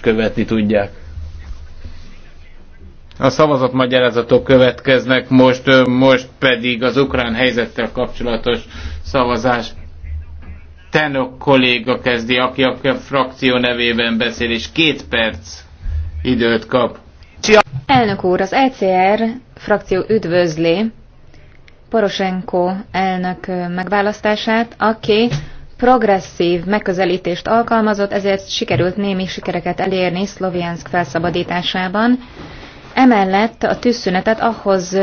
követni tudják. A szavazat magyarázatok következnek most, most pedig az ukrán helyzettel kapcsolatos szavazás. Tenok kolléga kezdi, aki a frakció nevében beszél, és két perc időt kap. Csia. Elnök úr, az ECR frakció üdvözli Poroshenko elnök megválasztását, aki progresszív megközelítést alkalmazott, ezért sikerült némi sikereket elérni Szloviansk felszabadításában. Emellett a tűzszünetet ahhoz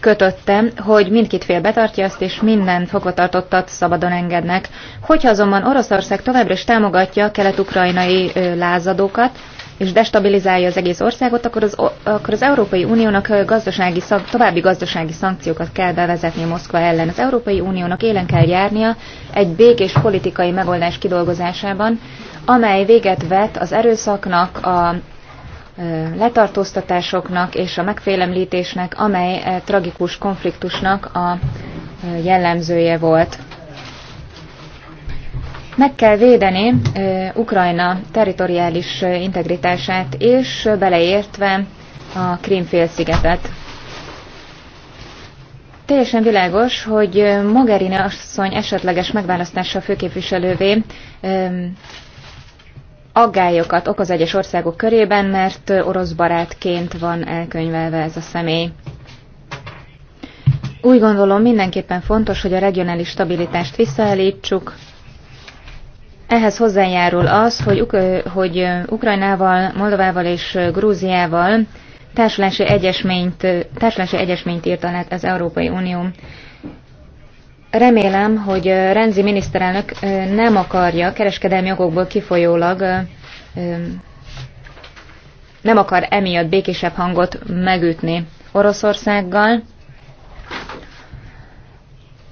kötötte, hogy mindkét fél betartja azt, és minden fogvatartottat szabadon engednek. Hogyha azonban Oroszország továbbra is támogatja a kelet-ukrajnai lázadókat, és destabilizálja az egész országot, akkor az, akkor az Európai Uniónak gazdasági további gazdasági szankciókat kell bevezetni Moszkva ellen. Az Európai Uniónak élen kell járnia egy békés politikai megoldás kidolgozásában, amely véget vet az erőszaknak, a letartóztatásoknak és a megfélemlítésnek, amely tragikus konfliktusnak a jellemzője volt. Meg kell védeni Ukrajna teritoriális integritását és beleértve a Krímfélszigetet. Teljesen világos, hogy Mogherini asszony esetleges megválasztása főképviselővé aggályokat okoz egyes országok körében, mert orosz barátként van elkönyvelve ez a személy. Úgy gondolom mindenképpen fontos, hogy a regionális stabilitást visszaállítsuk, ehhez hozzájárul az, hogy, hogy Ukrajnával, Moldovával és Grúziával társulási egyesményt, társulási egyesményt írt alá az Európai Unió. Remélem, hogy Renzi miniszterelnök nem akarja kereskedelmi jogokból kifolyólag nem akar emiatt békésebb hangot megütni Oroszországgal,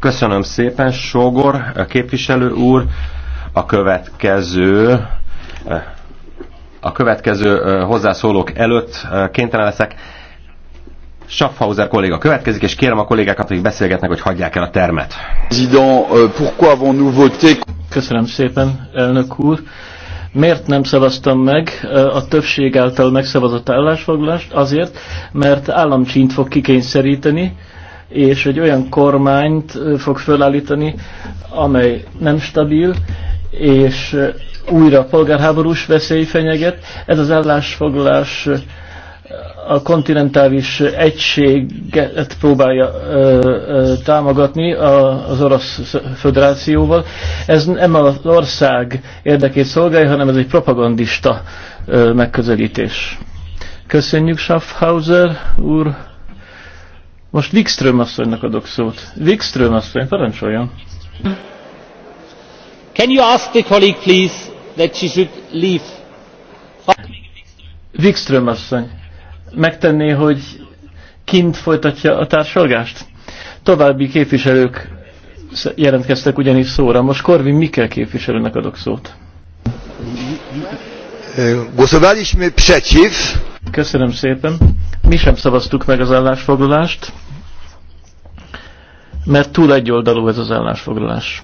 Köszönöm szépen, Sógor, a képviselő úr. A következő a következő hozzászólók előtt kénytelen leszek. Schaffhauser kolléga következik, és kérem a kollégákat, akik beszélgetnek, hogy hagyják el a termet. Euh, Köszönöm szépen, elnök úr. Miért nem szavaztam meg a többség által megszavazott állásfoglalást? Azért, mert államcsint fog kikényszeríteni, és egy olyan kormányt fog fölállítani, amely nem stabil, és újra polgárháborús veszély fenyeget. Ez az állásfoglalás a kontinentális egységet próbálja ö, ö, támogatni a, az orosz föderációval. Ez nem az ország érdekét szolgálja, hanem ez egy propagandista ö, megközelítés. Köszönjük Schaffhauser úr! Most Wikström asszonynak adok szót. Wikström asszony, parancsoljon. Can you ask the colleague, please, that she should leave? Wikström asszony, megtenné, hogy kint folytatja a társalgást? További képviselők jelentkeztek ugyanis szóra. Most Korvin Mikkel képviselőnek adok szót. Köszönöm szépen. Mi sem szavaztuk meg az állásfoglalást mert túl egyoldalú ez az állásfoglalás.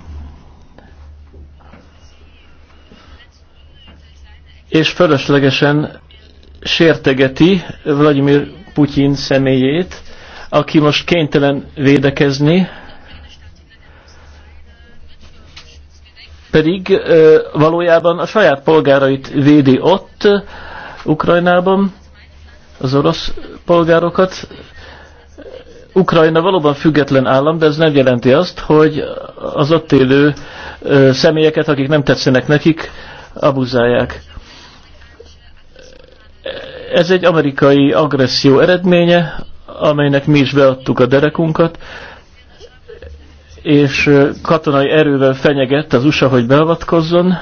És fölöslegesen sértegeti Vladimir Putyin személyét, aki most kénytelen védekezni, pedig valójában a saját polgárait védi ott, Ukrajnában, az orosz polgárokat, Ukrajna valóban független állam, de ez nem jelenti azt, hogy az ott élő személyeket, akik nem tetszenek nekik, abuzálják. Ez egy amerikai agresszió eredménye, amelynek mi is beadtuk a derekunkat, és katonai erővel fenyegett az USA, hogy beavatkozzon,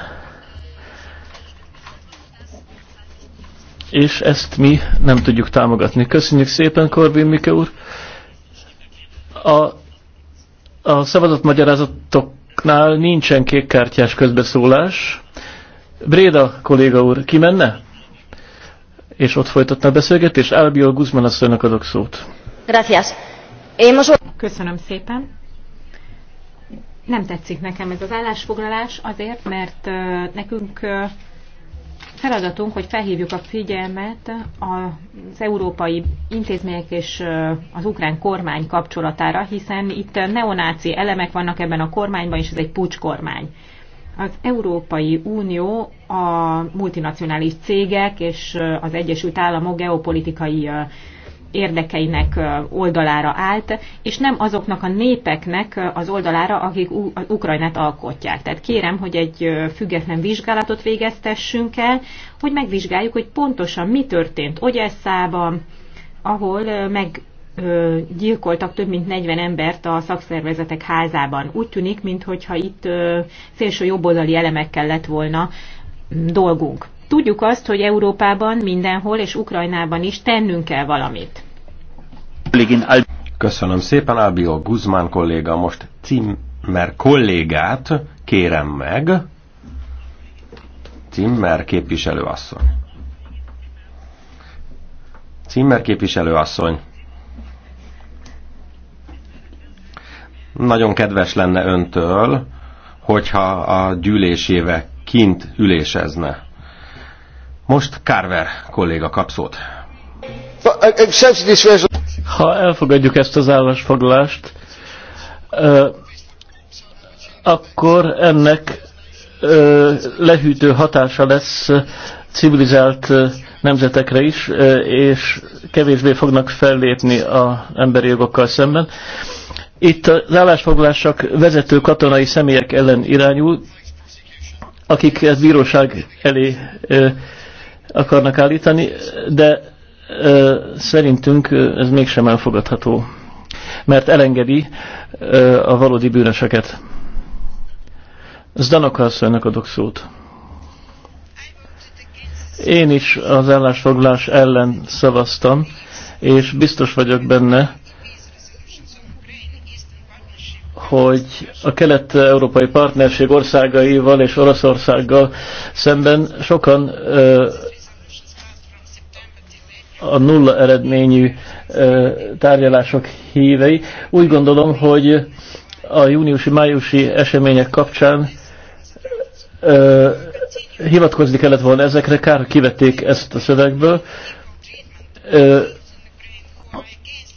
és ezt mi nem tudjuk támogatni. Köszönjük szépen, Korbin Mike úr! A, a szavazott magyarázatoknál nincsen kékkártyás közbeszólás. Bréda kolléga úr, menne? És ott folytatna a beszélgetést. Albiol Guzman asszonynak adok szót. Gracias. Én eh, Köszönöm szépen. Nem tetszik nekem ez az állásfoglalás azért, mert eh, nekünk eh, feladatunk, hogy felhívjuk a figyelmet az európai intézmények és az ukrán kormány kapcsolatára, hiszen itt neonáci elemek vannak ebben a kormányban, és ez egy pucskormány. Az Európai Unió a multinacionális cégek és az Egyesült Államok geopolitikai érdekeinek oldalára állt, és nem azoknak a népeknek az oldalára, akik Ukrajnát alkotják. Tehát kérem, hogy egy független vizsgálatot végeztessünk el, hogy megvizsgáljuk, hogy pontosan mi történt Ogyesszában, ahol meg gyilkoltak több mint 40 embert a szakszervezetek házában. Úgy tűnik, mintha itt szélső jobboldali elemekkel lett volna dolgunk. Tudjuk azt, hogy Európában mindenhol és Ukrajnában is tennünk kell valamit. Köszönöm szépen, Ábio Guzmán kolléga, most Cimmer kollégát kérem meg. Cimmer képviselőasszony. Cimmer képviselőasszony. Nagyon kedves lenne öntől, hogyha a gyűlésével kint ülésezne. Most Carver kolléga kap szót. Ha elfogadjuk ezt az állásfoglalást, akkor ennek lehűtő hatása lesz civilizált nemzetekre is, és kevésbé fognak fellépni az emberi jogokkal szemben. Itt az állásfoglalások vezető katonai személyek ellen irányul, akik ezt bíróság elé akarnak állítani, de ö, szerintünk ez mégsem elfogadható, mert elengedi ö, a valódi bűnöseket. Zdanok asszonynak adok szót. Én is az állásfoglás ellen szavaztam, és biztos vagyok benne, hogy a kelet-európai partnerség országaival és Oroszországgal szemben sokan ö, a nulla eredményű tárgyalások hívei. Úgy gondolom, hogy a júniusi-májusi események kapcsán ö, hivatkozni kellett volna ezekre, kár kivették ezt a szövegből. Ö,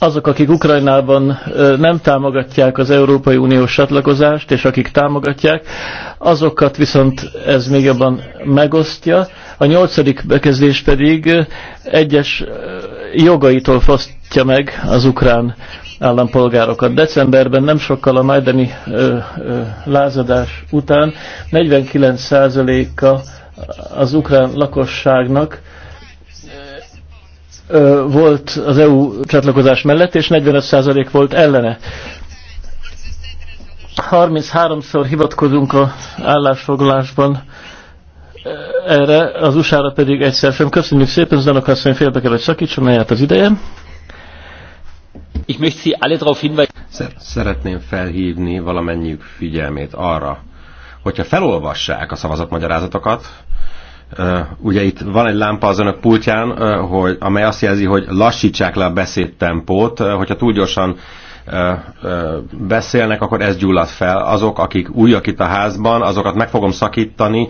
azok, akik Ukrajnában nem támogatják az Európai Uniós csatlakozást, és akik támogatják, azokat viszont ez még jobban megosztja. A nyolcadik bekezdés pedig egyes jogaitól fosztja meg az ukrán állampolgárokat. Decemberben nem sokkal a majdani ö, ö, lázadás után 49%-a az ukrán lakosságnak volt az EU csatlakozás mellett, és 45% volt ellene. 33-szor hivatkozunk a állásfoglalásban erre, az USA-ra pedig egyszer sem. Köszönjük szépen, Zanok asszony félbe kell, hogy szakítson, eljárt az ideje. Ich möchte Sie alle darauf hinweisen. Szeretném felhívni valamennyiük figyelmét arra, hogyha felolvassák a szavazatmagyarázatokat, ugye itt van egy lámpa az önök pultján, hogy, amely azt jelzi, hogy lassítsák le a beszédtempót, hogyha túl gyorsan beszélnek, akkor ez gyullad fel. Azok, akik újak itt a házban, azokat meg fogom szakítani,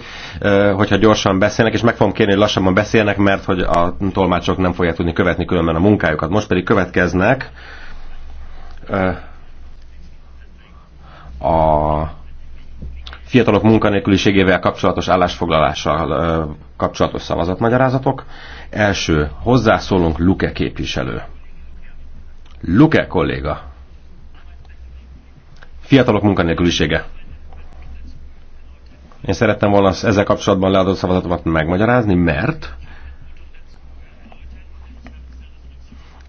hogyha gyorsan beszélnek, és meg fogom kérni, hogy lassabban beszélnek, mert hogy a tolmácsok nem fogják tudni követni különben a munkájukat. Most pedig következnek fiatalok munkanélküliségével kapcsolatos állásfoglalással kapcsolatos szavazatmagyarázatok. Első hozzászólunk Luke képviselő. Luke kolléga. Fiatalok munkanélkülisége. Én szerettem volna ezzel kapcsolatban leadott szavazatomat megmagyarázni, mert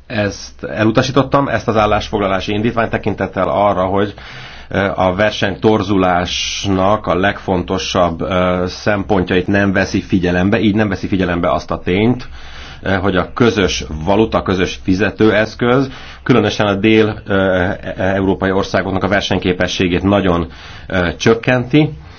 ezt elutasítottam, ezt az állásfoglalási indítványt tekintettel arra, hogy a versenytorzulásnak a legfontosabb szempontjait nem veszi figyelembe, így nem veszi figyelembe azt a tényt, hogy a közös valuta, a közös fizetőeszköz, különösen a dél-európai e, e, országoknak a versenyképességét nagyon csökkenti,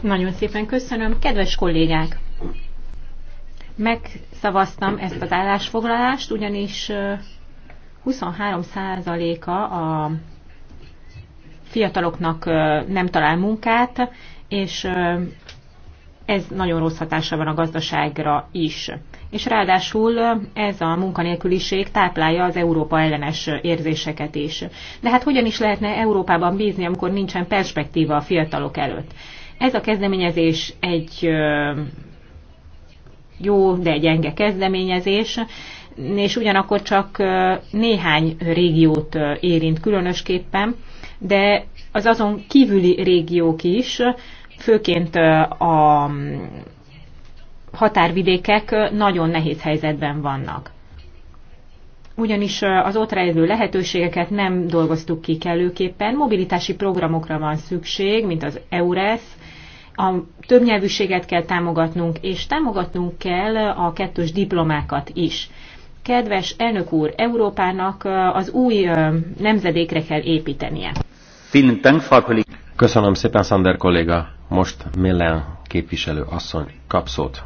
Nagyon szépen köszönöm. Kedves kollégák! Megszavaztam ezt az állásfoglalást, ugyanis 23%-a a fiataloknak nem talál munkát, és ez nagyon rossz hatása van a gazdaságra is és ráadásul ez a munkanélküliség táplálja az Európa ellenes érzéseket is. De hát hogyan is lehetne Európában bízni, amikor nincsen perspektíva a fiatalok előtt? Ez a kezdeményezés egy jó, de gyenge kezdeményezés, és ugyanakkor csak néhány régiót érint különösképpen, de az azon kívüli régiók is, főként a határvidékek nagyon nehéz helyzetben vannak. Ugyanis az ott rejlő lehetőségeket nem dolgoztuk ki kellőképpen. Mobilitási programokra van szükség, mint az EURES, a többnyelvűséget kell támogatnunk, és támogatnunk kell a kettős diplomákat is. Kedves elnök úr, Európának az új nemzedékre kell építenie. Köszönöm szépen, Sander kolléga. Most Millen képviselő asszony kap szót.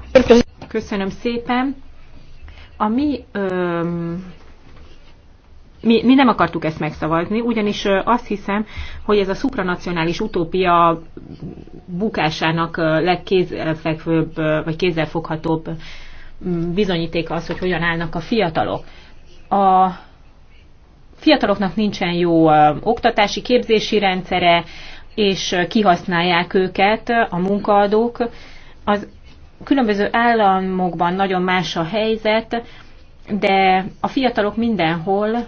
Köszönöm szépen. A mi, öm, mi, mi nem akartuk ezt megszavazni, ugyanis azt hiszem, hogy ez a supranacionális utópia bukásának legkézzelfekvőbb, vagy kézzelfoghatóbb bizonyítéka az, hogy hogyan állnak a fiatalok. A fiataloknak nincsen jó oktatási képzési rendszere, és kihasználják őket a munkaadók. Az különböző államokban nagyon más a helyzet, de a fiatalok mindenhol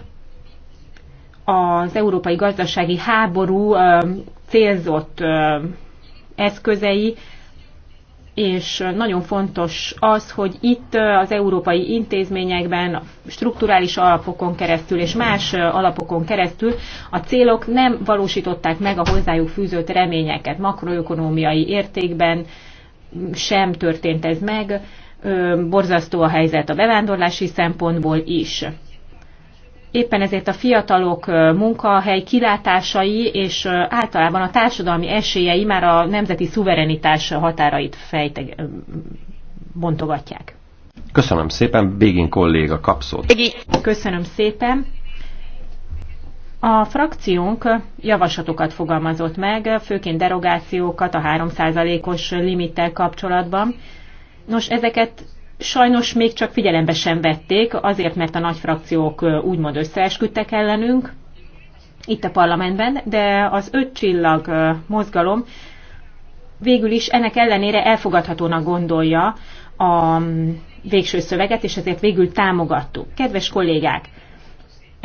az európai gazdasági háború célzott eszközei és nagyon fontos az, hogy itt az európai intézményekben, strukturális alapokon keresztül és más alapokon keresztül a célok nem valósították meg a hozzájuk fűzött reményeket. Makroökonómiai értékben sem történt ez meg, borzasztó a helyzet a bevándorlási szempontból is. Éppen ezért a fiatalok munkahely kilátásai és általában a társadalmi esélyei már a nemzeti szuverenitás határait fejteg, bontogatják. Köszönöm szépen, Bégin kolléga kapszót. Köszönöm szépen. A frakciónk javaslatokat fogalmazott meg, főként derogációkat a 3%-os limittel kapcsolatban. Nos, ezeket sajnos még csak figyelembe sem vették, azért, mert a nagy frakciók úgymond összeesküdtek ellenünk itt a parlamentben, de az öt csillag mozgalom végül is ennek ellenére elfogadhatónak gondolja a végső szöveget, és ezért végül támogattuk. Kedves kollégák,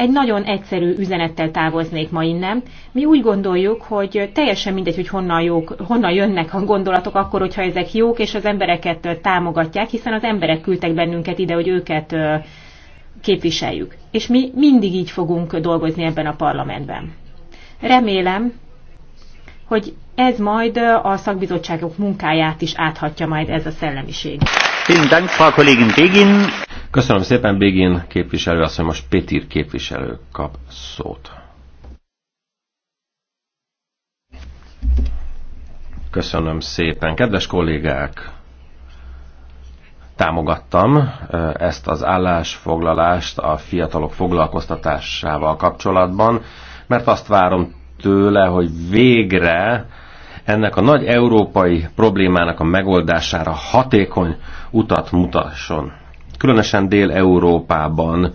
egy nagyon egyszerű üzenettel távoznék ma innen. Mi úgy gondoljuk, hogy teljesen mindegy, hogy honnan, jók, honnan jönnek a gondolatok, akkor, hogyha ezek jók, és az embereket támogatják, hiszen az emberek küldtek bennünket ide, hogy őket képviseljük. És mi mindig így fogunk dolgozni ebben a parlamentben. Remélem, hogy ez majd a szakbizottságok munkáját is áthatja majd ez a szellemiség. Köszönöm szépen, Bégin képviselő, azt mondja, most Pétir képviselő kap szót. Köszönöm szépen. Kedves kollégák, támogattam eh, ezt az állásfoglalást a fiatalok foglalkoztatásával kapcsolatban, mert azt várom tőle, hogy végre ennek a nagy európai problémának a megoldására hatékony utat mutasson. Különösen Dél-Európában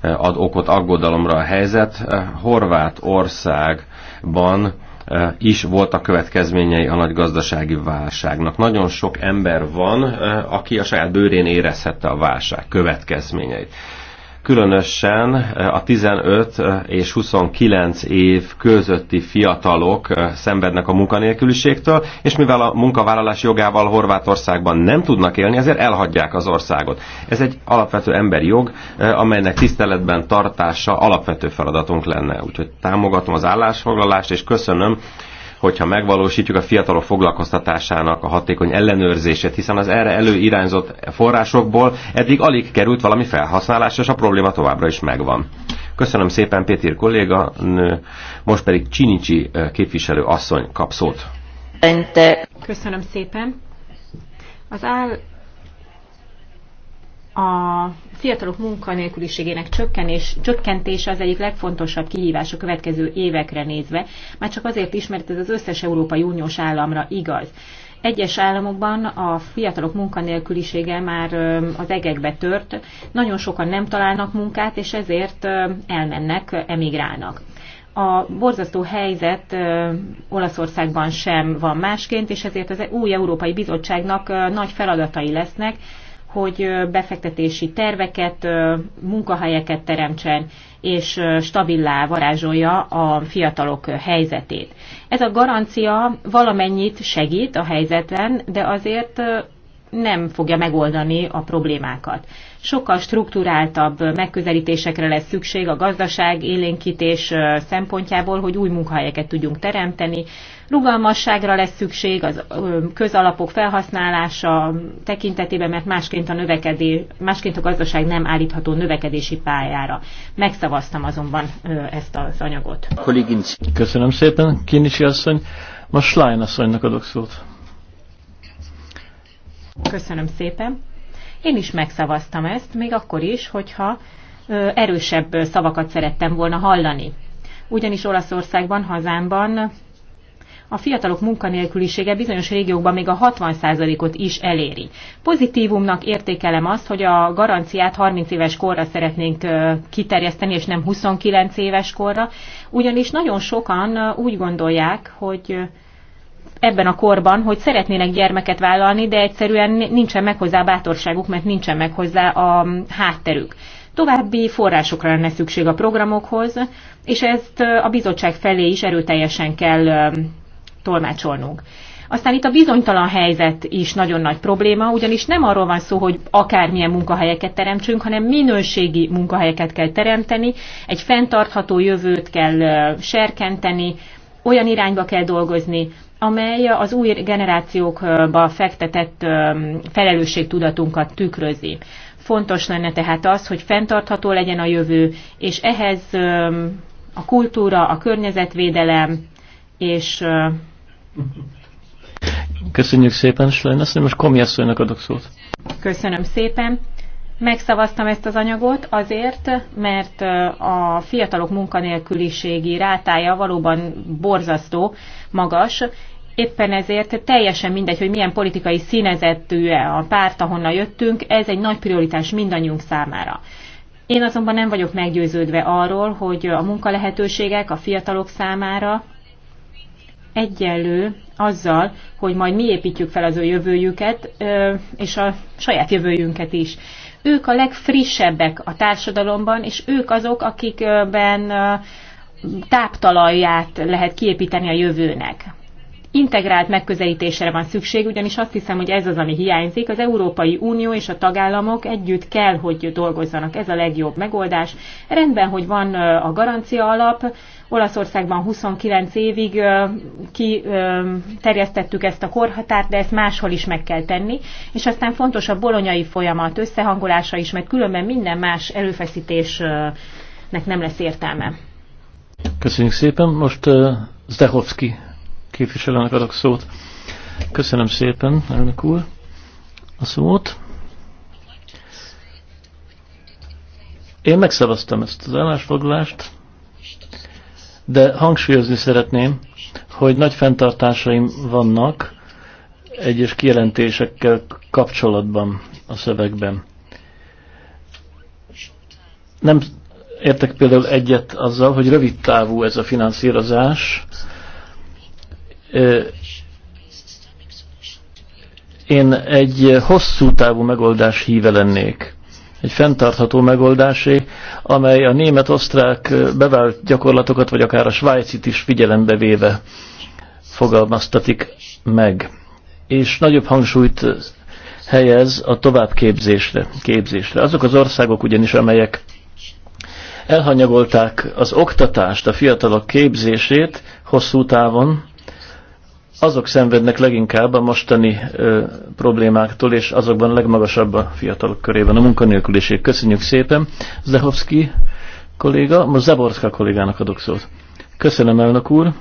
eh, ad okot aggodalomra a helyzet. Eh, Horvátországban eh, is voltak következményei a nagy gazdasági válságnak. Nagyon sok ember van, aki a saját bőrén érezhette a válság következményeit. Különösen a 15 és 29 év közötti fiatalok szenvednek a munkanélküliségtől, és mivel a munkavállalás jogával Horvátországban nem tudnak élni, ezért elhagyják az országot. Ez egy alapvető emberi jog, amelynek tiszteletben tartása alapvető feladatunk lenne. Úgyhogy támogatom az állásfoglalást, és köszönöm hogyha megvalósítjuk a fiatalok foglalkoztatásának a hatékony ellenőrzését, hiszen az erre előirányzott forrásokból eddig alig került valami felhasználás, és a probléma továbbra is megvan. Köszönöm szépen Péter kolléga, nő. most pedig Csinicsi képviselő asszony kap szót. Köszönöm szépen. Az áll a fiatalok munkanélküliségének csökkenés, csökkentése az egyik legfontosabb kihívás a következő évekre nézve, már csak azért is, mert ez az összes Európai Uniós államra igaz. Egyes államokban a fiatalok munkanélkülisége már az egekbe tört, nagyon sokan nem találnak munkát, és ezért elmennek, emigrálnak. A borzasztó helyzet Olaszországban sem van másként, és ezért az új Európai Bizottságnak nagy feladatai lesznek, hogy befektetési terveket, munkahelyeket teremtsen, és stabilá varázsolja a fiatalok helyzetét. Ez a garancia valamennyit segít a helyzeten, de azért nem fogja megoldani a problémákat. Sokkal struktúráltabb megközelítésekre lesz szükség a gazdaság élénkítés szempontjából, hogy új munkahelyeket tudjunk teremteni, Rugalmasságra lesz szükség az közalapok felhasználása tekintetében, mert másként a, növekedés, másként a gazdaság nem állítható növekedési pályára. Megszavaztam azonban ezt az anyagot. Köszönöm szépen, Kinicsi asszony. Most Schlein asszonynak adok szót. Köszönöm szépen. Én is megszavaztam ezt, még akkor is, hogyha erősebb szavakat szerettem volna hallani. Ugyanis Olaszországban, hazámban a fiatalok munkanélkülisége bizonyos régiókban még a 60%-ot is eléri. Pozitívumnak értékelem azt, hogy a garanciát 30 éves korra szeretnénk kiterjeszteni, és nem 29 éves korra, ugyanis nagyon sokan úgy gondolják, hogy ebben a korban, hogy szeretnének gyermeket vállalni, de egyszerűen nincsen meg hozzá a bátorságuk, mert nincsen meg hozzá a hátterük. További forrásokra lenne szükség a programokhoz, és ezt a bizottság felé is erőteljesen kell tolmácsolnunk. Aztán itt a bizonytalan helyzet is nagyon nagy probléma, ugyanis nem arról van szó, hogy akármilyen munkahelyeket teremtsünk, hanem minőségi munkahelyeket kell teremteni, egy fenntartható jövőt kell serkenteni, olyan irányba kell dolgozni, amely az új generációkba fektetett felelősségtudatunkat tükrözi. Fontos lenne tehát az, hogy fenntartható legyen a jövő, és ehhez a kultúra, a környezetvédelem és Köszönjük szépen, Slajn. Azt most Komi asszonynak adok szót. Köszönöm szépen. Megszavaztam ezt az anyagot azért, mert a fiatalok munkanélküliségi rátája valóban borzasztó, magas, éppen ezért teljesen mindegy, hogy milyen politikai színezettű e a párt, ahonnan jöttünk, ez egy nagy prioritás mindannyiunk számára. Én azonban nem vagyok meggyőződve arról, hogy a munkalehetőségek a fiatalok számára egyenlő azzal, hogy majd mi építjük fel az ő jövőjüket, és a saját jövőjünket is. Ők a legfrissebbek a társadalomban, és ők azok, akikben táptalaját lehet kiépíteni a jövőnek. Integrált megközelítésre van szükség, ugyanis azt hiszem, hogy ez az, ami hiányzik. Az Európai Unió és a tagállamok együtt kell, hogy dolgozzanak. Ez a legjobb megoldás. Rendben, hogy van a garancia alap, Olaszországban 29 évig kiterjesztettük ezt a korhatárt, de ezt máshol is meg kell tenni. És aztán fontos a bolonyai folyamat összehangolása is, mert különben minden más erőfeszítésnek nem lesz értelme. Köszönjük szépen. Most uh, Zdehovszki képviselőnek adok szót. Köszönöm szépen, elnök úr, a szót. Én megszavaztam ezt az állásfoglalást, de hangsúlyozni szeretném, hogy nagy fenntartásaim vannak egyes kijelentésekkel kapcsolatban a szövegben. Nem értek például egyet azzal, hogy rövid távú ez a finanszírozás. Én egy hosszú távú megoldás híve lennék egy fenntartható megoldásé, amely a német-osztrák bevált gyakorlatokat, vagy akár a svájcit is figyelembe véve fogalmaztatik meg. És nagyobb hangsúlyt helyez a továbbképzésre. Képzésre. Azok az országok ugyanis, amelyek elhanyagolták az oktatást, a fiatalok képzését hosszú távon, azok szenvednek leginkább a mostani ö, problémáktól, és azokban a legmagasabb a fiatalok körében a munkanélküliség. Köszönjük szépen, Zehovszki kolléga, most Zaborszka kollégának adok szót. Köszönöm, elnök úr.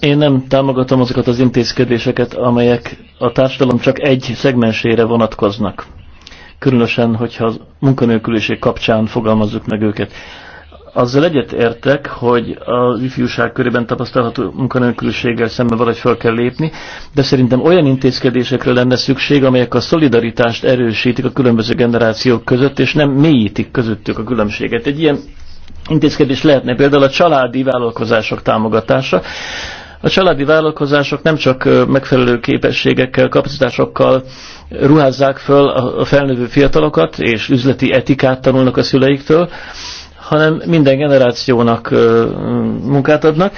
Én nem támogatom azokat az intézkedéseket, amelyek a társadalom csak egy szegmensére vonatkoznak. Különösen, hogyha a munkanélküliség kapcsán fogalmazzuk meg őket azzal értek, hogy az ifjúság körében tapasztalható munkanélküliséggel szemben valahogy fel kell lépni, de szerintem olyan intézkedésekre lenne szükség, amelyek a szolidaritást erősítik a különböző generációk között, és nem mélyítik közöttük a különbséget. Egy ilyen intézkedés lehetne például a családi vállalkozások támogatása. A családi vállalkozások nem csak megfelelő képességekkel, kapacitásokkal ruházzák föl a felnővő fiatalokat, és üzleti etikát tanulnak a szüleiktől, hanem minden generációnak munkát adnak.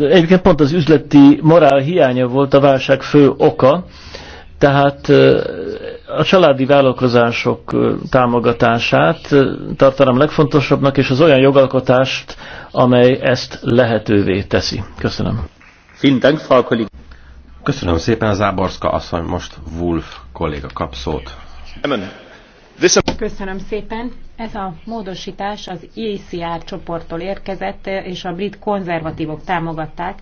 Egyébként pont az üzleti morál hiánya volt a válság fő oka, tehát a családi vállalkozások támogatását tartanám legfontosabbnak, és az olyan jogalkotást, amely ezt lehetővé teszi. Köszönöm. Köszönöm szépen, Záborska asszony, most Wolf kolléga kap szót. Köszönöm szépen. Ez a módosítás az ECR csoporttól érkezett, és a brit konzervatívok támogatták.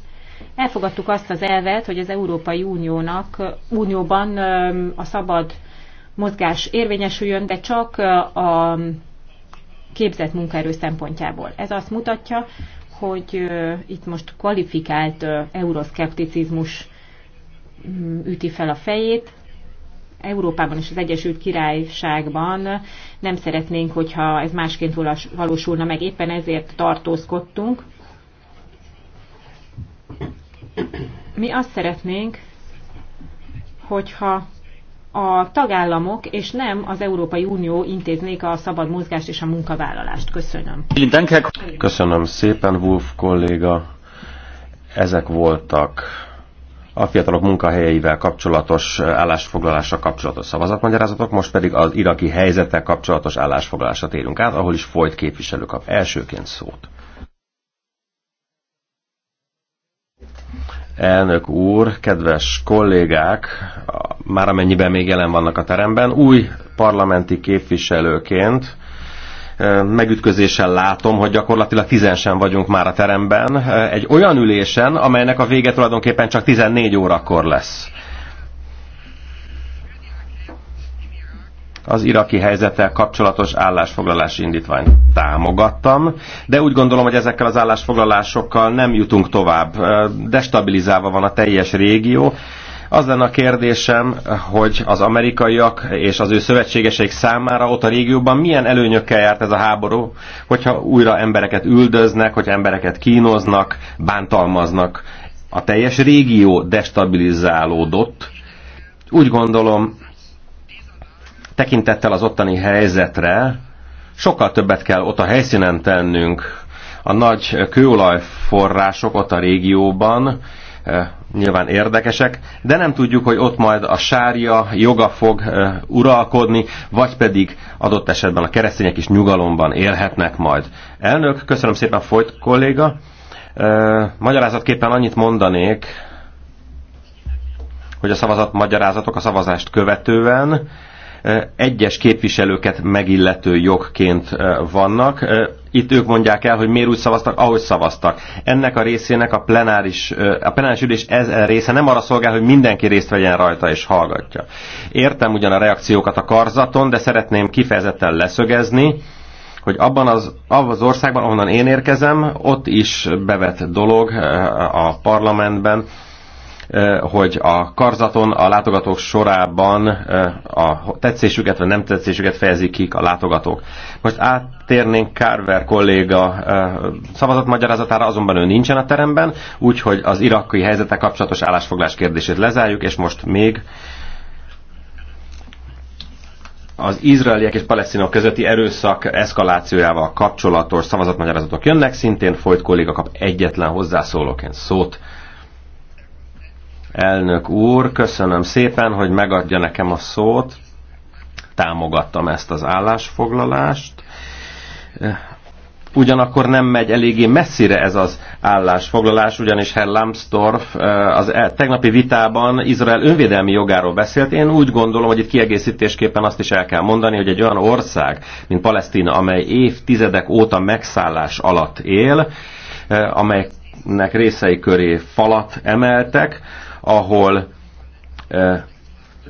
Elfogadtuk azt az elvet, hogy az Európai Uniónak, Unióban a szabad mozgás érvényesüljön, de csak a képzett munkaerő szempontjából. Ez azt mutatja, hogy itt most kvalifikált euroszkepticizmus üti fel a fejét, Európában és az Egyesült Királyságban nem szeretnénk, hogyha ez másként valósulna meg. Éppen ezért tartózkodtunk. Mi azt szeretnénk, hogyha a tagállamok és nem az Európai Unió intéznék a szabad mozgást és a munkavállalást. Köszönöm. Köszönöm szépen, Wolf kolléga. Ezek voltak a fiatalok munkahelyeivel kapcsolatos állásfoglalásra kapcsolatos szavazatmagyarázatok, most pedig az iraki helyzettel kapcsolatos állásfoglalásra térünk át, ahol is folyt képviselő kap elsőként szót. Elnök úr, kedves kollégák, már amennyiben még jelen vannak a teremben, új parlamenti képviselőként megütközéssel látom, hogy gyakorlatilag tizen sem vagyunk már a teremben. Egy olyan ülésen, amelynek a vége tulajdonképpen csak 14 órakor lesz. az iraki helyzettel kapcsolatos állásfoglalási indítványt támogattam, de úgy gondolom, hogy ezekkel az állásfoglalásokkal nem jutunk tovább. Destabilizálva van a teljes régió, az lenne a kérdésem, hogy az amerikaiak és az ő szövetségeség számára ott a régióban milyen előnyökkel járt ez a háború, hogyha újra embereket üldöznek, hogy embereket kínoznak, bántalmaznak. A teljes régió destabilizálódott. Úgy gondolom, tekintettel az ottani helyzetre, sokkal többet kell ott a helyszínen tennünk. A nagy kőolajforrások ott a régióban eh, nyilván érdekesek, de nem tudjuk, hogy ott majd a sárja joga fog uralkodni, vagy pedig adott esetben a keresztények is nyugalomban élhetnek majd. Elnök, köszönöm szépen, folyt kolléga. Magyarázatképpen annyit mondanék, hogy a szavazat magyarázatok a szavazást követően egyes képviselőket megillető jogként vannak. Itt ők mondják el, hogy miért úgy szavaztak, ahogy szavaztak. Ennek a részének a plenáris, a plenáris ülés a része nem arra szolgál, hogy mindenki részt vegyen rajta és hallgatja. Értem ugyan a reakciókat a karzaton, de szeretném kifejezetten leszögezni, hogy abban az, abban az országban, ahonnan én érkezem, ott is bevett dolog a parlamentben, Eh, hogy a karzaton a látogatók sorában eh, a tetszésüket vagy nem tetszésüket fejezik ki a látogatók. Most áttérnénk Carver kolléga eh, szavazat magyarázatára, azonban ő nincsen a teremben, úgyhogy az irakai helyzete kapcsolatos állásfoglás kérdését lezárjuk, és most még az izraeliek és palesztinok közötti erőszak eszkalációjával kapcsolatos szavazatmagyarázatok jönnek, szintén folyt kolléga kap egyetlen hozzászólóként szót. Elnök úr, köszönöm szépen, hogy megadja nekem a szót. Támogattam ezt az állásfoglalást. Ugyanakkor nem megy eléggé messzire ez az állásfoglalás, ugyanis Herr Lambsdorff az e- tegnapi vitában Izrael önvédelmi jogáról beszélt. Én úgy gondolom, hogy itt kiegészítésképpen azt is el kell mondani, hogy egy olyan ország, mint Palesztina, amely évtizedek óta megszállás alatt él, amelynek részei köré falat emeltek, ahol eh,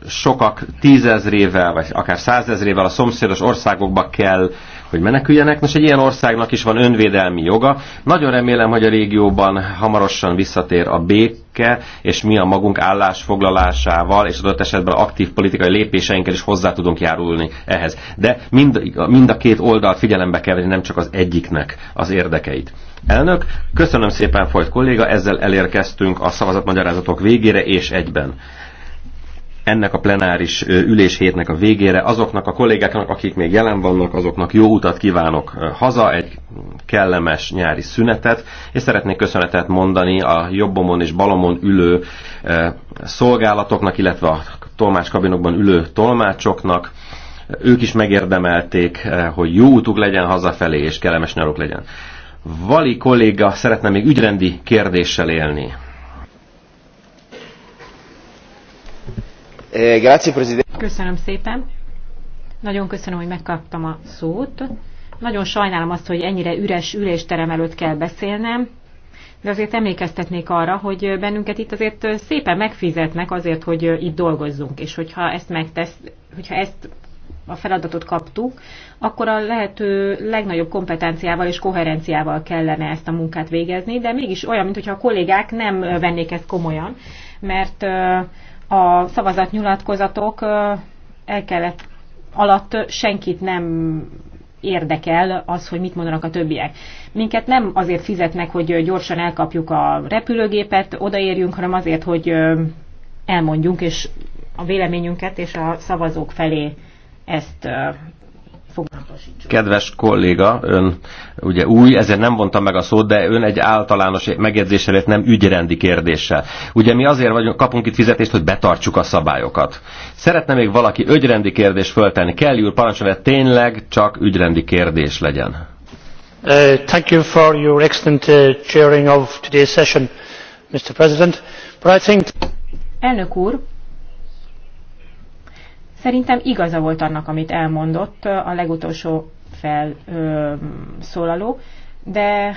sokak tízezrével, vagy akár százezrével a szomszédos országokba kell hogy meneküljenek. Nos, egy ilyen országnak is van önvédelmi joga. Nagyon remélem, hogy a régióban hamarosan visszatér a béke, és mi a magunk állásfoglalásával, és adott esetben aktív politikai lépéseinkkel is hozzá tudunk járulni ehhez. De mind, mind a két oldalt figyelembe kell venni, nem csak az egyiknek az érdekeit. Elnök, köszönöm szépen, folyt kolléga, ezzel elérkeztünk a szavazatmagyarázatok végére és egyben ennek a plenáris ülés hétnek a végére azoknak a kollégáknak, akik még jelen vannak, azoknak jó utat kívánok haza, egy kellemes nyári szünetet, és szeretnék köszönetet mondani a jobbomon és balomon ülő szolgálatoknak, illetve a tolmácskabinokban ülő tolmácsoknak. Ők is megérdemelték, hogy jó útuk legyen hazafelé, és kellemes nyaruk legyen. Vali kolléga szeretne még ügyrendi kérdéssel élni. Eh, köszönöm szépen. Nagyon köszönöm, hogy megkaptam a szót. Nagyon sajnálom azt, hogy ennyire üres ülésterem előtt kell beszélnem, de azért emlékeztetnék arra, hogy bennünket itt azért szépen megfizetnek azért, hogy itt dolgozzunk, és hogyha ezt megtesz, hogyha ezt a feladatot kaptuk, akkor a lehető legnagyobb kompetenciával és koherenciával kellene ezt a munkát végezni, de mégis olyan, mintha a kollégák nem vennék ezt komolyan, mert a szavazatnyilatkozatok el kellett alatt senkit nem érdekel az, hogy mit mondanak a többiek. Minket nem azért fizetnek, hogy gyorsan elkapjuk a repülőgépet, odaérjünk, hanem azért, hogy elmondjunk és a véleményünket és a szavazók felé ezt Kedves kolléga, ön ugye új, ezért nem vontam meg a szót, de ön egy általános megjegyzéssel nem ügyrendi kérdéssel. Ugye mi azért vagyunk, kapunk itt fizetést, hogy betartsuk a szabályokat. Szeretne még valaki ügyrendi kérdést föltenni? Kelly úr, parancsolja, tényleg csak ügyrendi kérdés legyen. Uh, thank you for your excellent uh, chairing of today's session, Mr. President. But I think... Elnök úr, Szerintem igaza volt annak, amit elmondott a legutolsó felszólaló, de